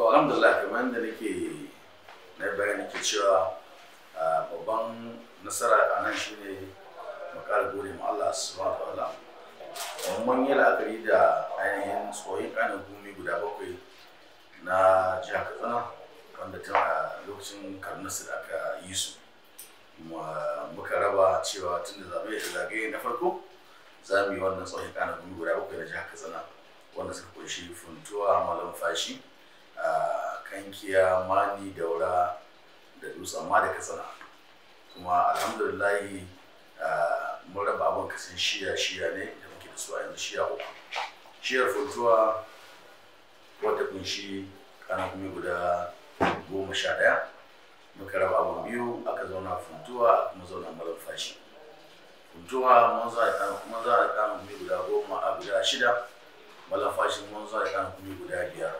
to alhamdulillah kamar da nake na bayani ke cewa babban nasara a nan shine makar gode ma Allah subhanahu wa ta'ala mun yi la'akari da ainihin tsohon kanin gumi guda bakwai na jiha Katsina wanda ta lokacin karnarsu da aka yi su kuma muka raba cewa tun da zaɓe da zagaye na farko za mu yi wannan tsohon kanin gumi guda bakwai na jihar Katsina wanda suka kunshi funtuwa malam fashi kankiya mani daura da dutse amma da katsina kuma alhamdulillah ah, mun raba abin kasan shiya shiya ne da muke da su a yanzu shiya uku shiyar funtuwa wata kunshi kana kuma guda goma sha ɗaya muka raba abin biyu aka zauna funtuwa kuma zauna marar fashi funtuwa mun za a kana kuma za a kana kuma guda goma a guda shida marar fashi mun za a kana kuma guda biyar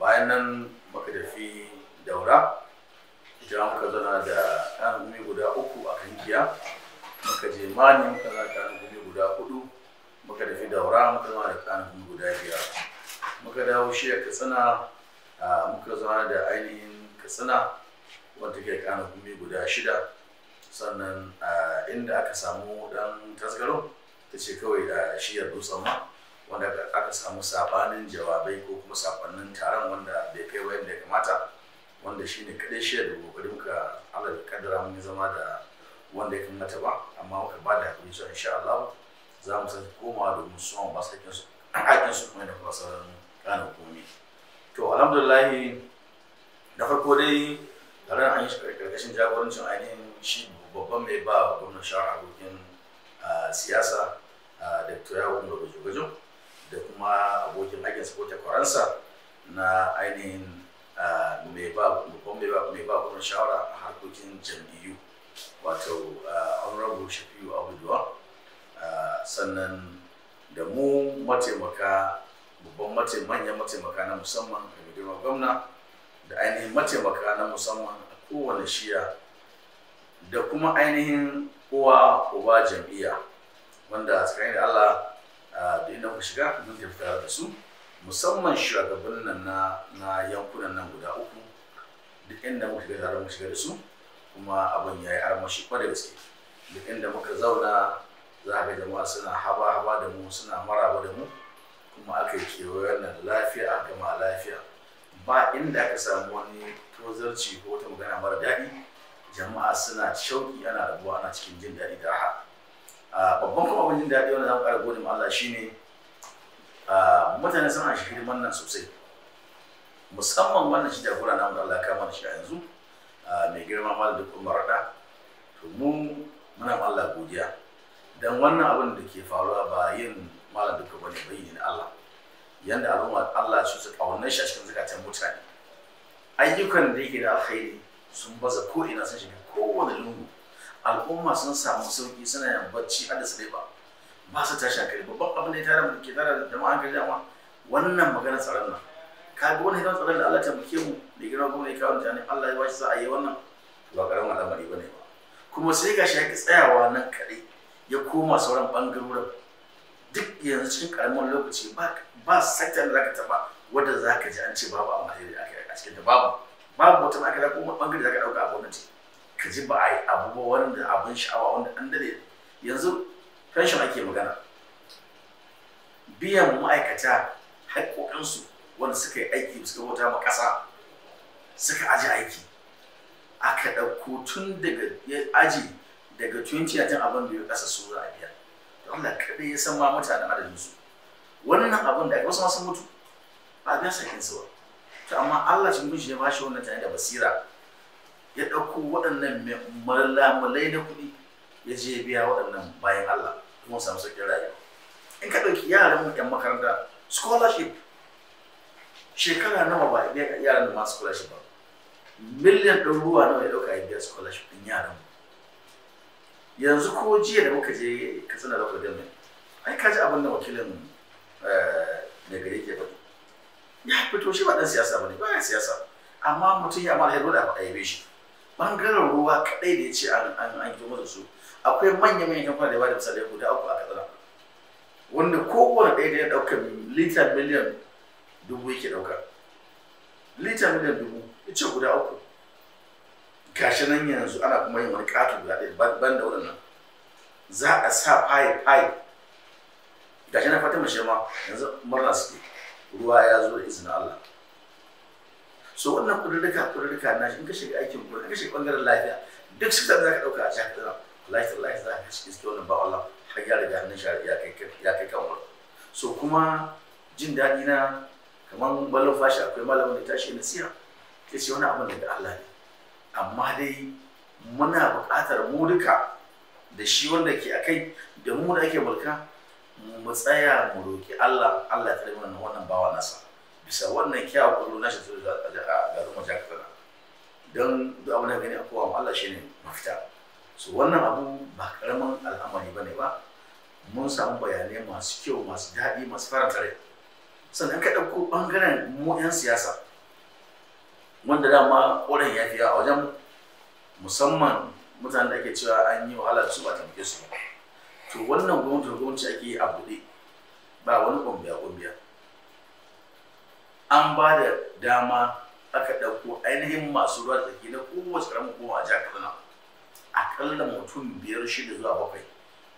bayan nan muka tafi daura ita muka zana da ɗan gumi guda uku a kan giya muka je mani muka zana da ɗan gumi guda hudu muka tafi daura muka zana da ɗan gumi guda biyar muka dawo shi a katsina muka zana da ainihin katsina wanda ke ɗan gumi guda shida sannan inda aka samu ɗan tasgaro ta ce kawai da shiyar dutsen ma wanda aka samu sabanin jawabai ko kuma sabanin taron wanda bai kai wayan da ya kamata wanda shi ne kaɗai shi da gobe muka Allah ya kaddara mun zama da wanda ya kamata ba amma muka ba da hakuri cewa insha Allah za mu san komawa domin mu ma masu su hakkin su kuma da kuma sauran ƙananan to alhamdulillah na farko dai tare an yi karkashin jagorancin ainihin shi babban mai ba gwamnan shawar abokin ah, siyasa Uh, Dr. yawon gwajo-gwajo da kuma abokin aikinsa ko takwaransa na ainihin mai ba kuma shawara a harkokin jam'iyyu wato honorable shafiu abubuwa sannan da mu mataimaka babban manyan mataimaka na musamman a gidan gwamna da ainihin mataimaka na musamman a kowane shiya da kuma ainihin kowa uba jam'iyya wanda tsakanin da Allah da inda ku shiga mun tafi da su musamman shugabannin nan na yankunan nan guda uku duk inda muka shiga tare mu shiga da su kuma abin ya yi armashi kwarai gaske duk inda muka zauna za ka jama'a suna haba haba da mu suna maraba da mu kuma aka yi kewayen nan lafiya a gama lafiya ba inda aka samu wani tozarci ko wata magana mara daɗi jama'a suna shauki ana rabuwa ana cikin jin daɗi da raha babban kuma abin jin daɗi wanda za mu ƙara gode ma Allah ne mutane suna shi hidiman nan sosai musamman wannan shi jagora na da Allah kama da shi a yanzu mai girma malam duk umar da to mu muna ma Allah godiya dan wannan abin da ke faruwa ba yin malam duka bane na Allah yanda al'umma Allah su su kaunar shi a cikin zakatan mutane ayyukan da yake da alkhairi sun baza ko ina sun shiga kowane lungu al'umma sun samu sauki suna yin bacci har da su ba ba su tashi kai babban abin da ya tare mu ke tare da jama'a hankali jama'a wannan magana tsaron nan ka ga wani hidimar tsaron da Allah ta muke mu da gina kuma ya kawo ne Allah ya bashi za a yi wannan ba karamin al'amari bane ba kuma sai ga shi ya tsayawa nan kare ya koma sauran bangarorin duk yanzu cikin karamin lokaci ba sakta da zaka taba wanda zaka ji an ce babu a Najeriya a cikin da babu babu wata ma'aikata ko bangare zaka dauka a gwamnati ka ji ba a yi abu ba wanda abin sha'awa wanda an dade yanzu fenshon ake magana biyan ma'aikata haƙoƙinsu wanda suka yi aiki suka bauta ma ƙasa suka aji aiki aka ɗauko tun daga aji daga 2019 abin da ya kasa su zuwa a biya Allah kaɗai ya san ma mutanen su wannan abin da wasu masu mutu ba a sakin su ba to amma Allah shi mutunci ya bashi wannan tare da basira ya ɗauko waɗannan malamalai na kuɗi ya je biya waɗannan bayan Allah kuma samu sauƙi rayuwa in ka ɗauki yaran mu yan makaranta scholarship shekara nawa ba ya yaran da ma scholarship ba miliyan ɗaruruwa nawa ya ɗauka ya biya scholarship ɗin yaran yanzu ko jiya da muka je ka sanar da kudin mai ai ka ji abin da wakilin da eh, gari ke faɗi ya fito shi ba ɗan siyasa ba ne ba ya siyasa amma mutum ya mara ya roda ba a yabe shi bangaren ruwa kadai da ya ce an girma da su akwai manyan manyan kamfanin da ba da misali guda uku a katsina wanda kowane ɗaya da ya ɗauka lita miliyan dubu yake ɗauka lita miliyan dubu ya ce guda uku gashi nan yanzu ana kuma yin wani ƙato guda ɗaya ban da waɗannan za a sa fayi fayi gashi na fata mace ma yanzu murna suke ruwa ya zo da izinin Allah so wannan kudurruka kudurruka na shi in ka shiga aikin ko ka shiga bangaren lafiya duk su za zaka dauka a jihar Kaduna wallahi lafiya, za ka shiga cikin wannan ba Allah har ya riga hannun shi ya kai kan so kuma jin daɗi na kamar ballon fashi akwai malamin da tashi siya, ke ce wani abin daga Allah ne amma dai muna buƙatar mu duka da shi wanda ke a kai da mu da ake mulka mu tsaya mu roƙi Allah Allah ya tsare mana wannan bawa nasa bisa wannan kyawun ƙwallo na shi a garin wajen don zuwa abin gani a kowa Allah shi ne mafita so wannan abu ba karamin al'amari ba ne ba mun samu bayanai masu kyau masu daɗi masu faranta rai sannan ka ɗauko ɓangaren mu 'yan siyasa wanda dama ƙoren ya fiya a wajen musamman mutanen da ake cewa an yi wahala da su ba taimake su to wannan gwamnati gwamnati ake yi a buɗe ba wani ƙwambiya ƙwambiya an ba da dama aka ɗauko ainihin masu ruwa da tsaki na kowace ƙaramin goma a jihar kaduna kalla mutum biyar shida zuwa bakwai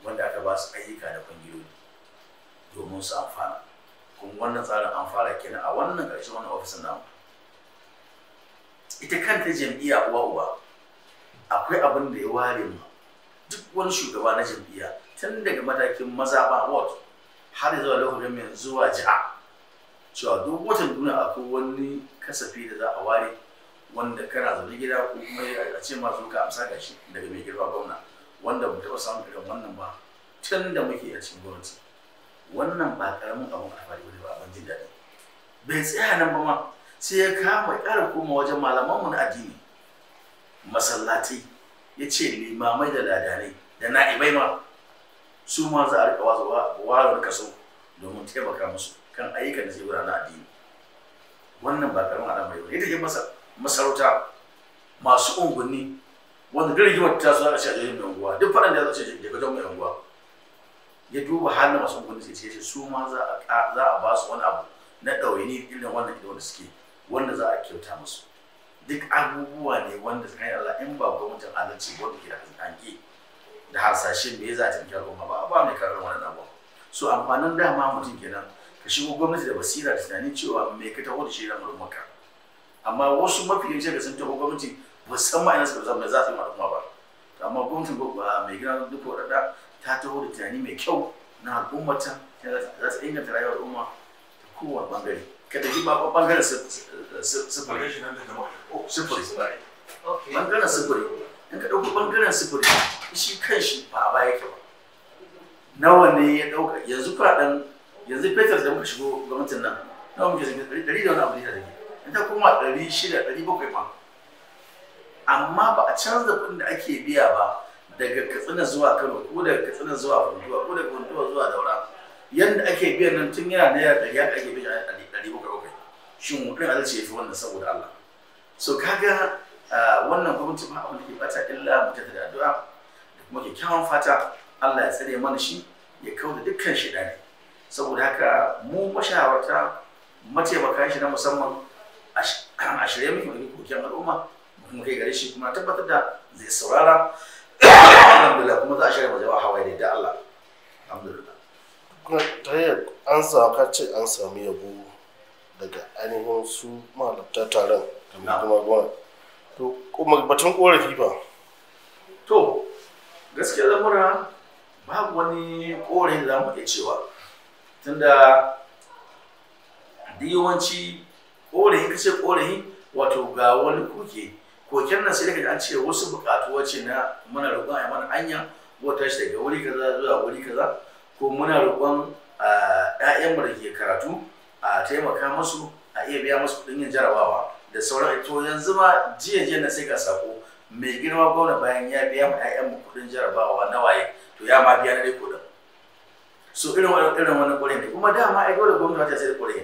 wanda aka ba su ayyuka da ƙungiyoyi domin su amfana kuma wannan tsarin an fara kenan a wannan ƙarshen wannan ofisin namu ita kanta jam'iyya uwa uwa akwai abin da ya ware mu duk wani shugaba na jam'iyya tun daga matakin mazaɓa ward har zuwa lokacin yanzu zuwa jiha cewa duk watan duniya akwai wani kasafi da za a ware wanda kana zaune gida ko kuma a ce ma ka amsa gashi daga mai girma gwamna wanda ba taɓa samun irin wannan ba tun da muke a cikin gwamnati wannan ba karamin abin alfahari wani ba abin jin daɗi bai tsaya nan ba ma sai ya kama ƙara koma wajen malaman mu na addini masallatai ya ce limamai da ladanai da na'ibai ma su ma za a riƙa wazo wa kaso domin taimaka musu kan ayyukan da zai gudana addini wannan ba karamin alama ba ne ke masa masarauta masu unguwanni wanda duk yi wata zo a cikin a jirgin mai unguwa duk faɗan da ya zace da gajon mai unguwa ya duba halin masu unguwanni sai ce su ma za a ba su wani abu na ɗawaini irin wannan ido da suke wanda za a kyauta musu duk abubuwa ne wanda tsakanin Allah in ba gwamnatin adalci wanda ke da hanki da harsashe me za ta kyau ba ba mai karar wannan abu so amfanin dama mutum kenan ka shigo gwamnati da basira da tunanin cewa mai ka taho da shi ran al'ummarka amma wasu mafi yanzu da sun taho gwamnati ba san ma ina ba zama za su yi al'umma ba amma gwamnati ba mai gina duk wadada ta taho da tunani mai kyau na ta za ta inganta rayuwar al'umma ta kowane bangare kada ji ba bangaren sufuri sufuri bangaren sufuri oh, in ka ɗauki bangaren sufuri shi kan shi ba a baya ke ba nawa ne ya ɗauka yanzu kuɗaɗen yanzu fetur da muka shigo gwamnatin nan nawa muke shiga ɗari da wani abu da rage in ta koma ɗari shida ɗari bakwai ma amma ba a canza kuɗin da ake biya ba daga katsina zuwa kano ko daga katsina zuwa funtuwa ko daga funtuwa zuwa daura yadda ake biyan nan tun yana naira ɗari haka ake biya ɗari bakwai bakwai shin kuɗin ce ya fi wannan saboda allah so kaga wannan gwamnati ba abin da ke fata illa mu da addu'a da kuma kyakkyawan fata allah ya tsare mana shi ya kauda dukkan shi ne saboda haka mu mashawarta mataimaka shi na musamman a shirye muke yi kokin al'umma kuma kai gare shi kuma tabbatar da zai saurara alhamdulillah kuma za a shirya majawa hawaye da yadda Allah alhamdulillah kuma ta an samu ka ce an samu yabo daga ainihin su malabta taron da kuma gwan to kuma batun korafi ba to gaskiya lamura babu wani korafin da mu iya cewa tunda da yawanci ƙorafi kace ƙorafi wato ga wani koke koken nan sai daga an ce wasu bukatu wace na muna roƙon ai mana anya wata shi daga wuri kaza zuwa wuri kaza ko muna roƙon mu da ke karatu a taimaka musu a iya biya musu kuɗin yin jarabawa da sauran to yanzu ma jiya jiya na sai ka sako mai girma gwamna bayan ya biya ma mu kuɗin jarabawa na waye to ya ma biya na dai kuɗin so irin wani irin wani ƙwarin ne kuma dama ai dole gwamnati ta sai da bukatu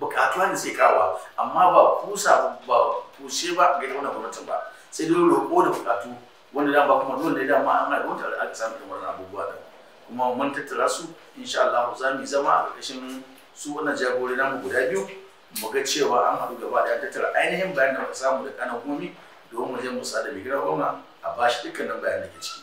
bukatuwa ne sai kawa amma ba kusa ba kushe ba ga wannan gwamnatin ba sai dole roƙo da bukatu wanda dama kuma dole ne dama an haɗa wata aka samu irin wannan abubuwa da kuma mun tattara su insha Allah za mu zama a ƙarƙashin su wannan jagorori namu guda biyu mu ga cewa an haɗu gaba da tattara ainihin bayanan da samu da kana komi domin mu je mu sa da bigirar a bashi dukkanin bayanan da ke ciki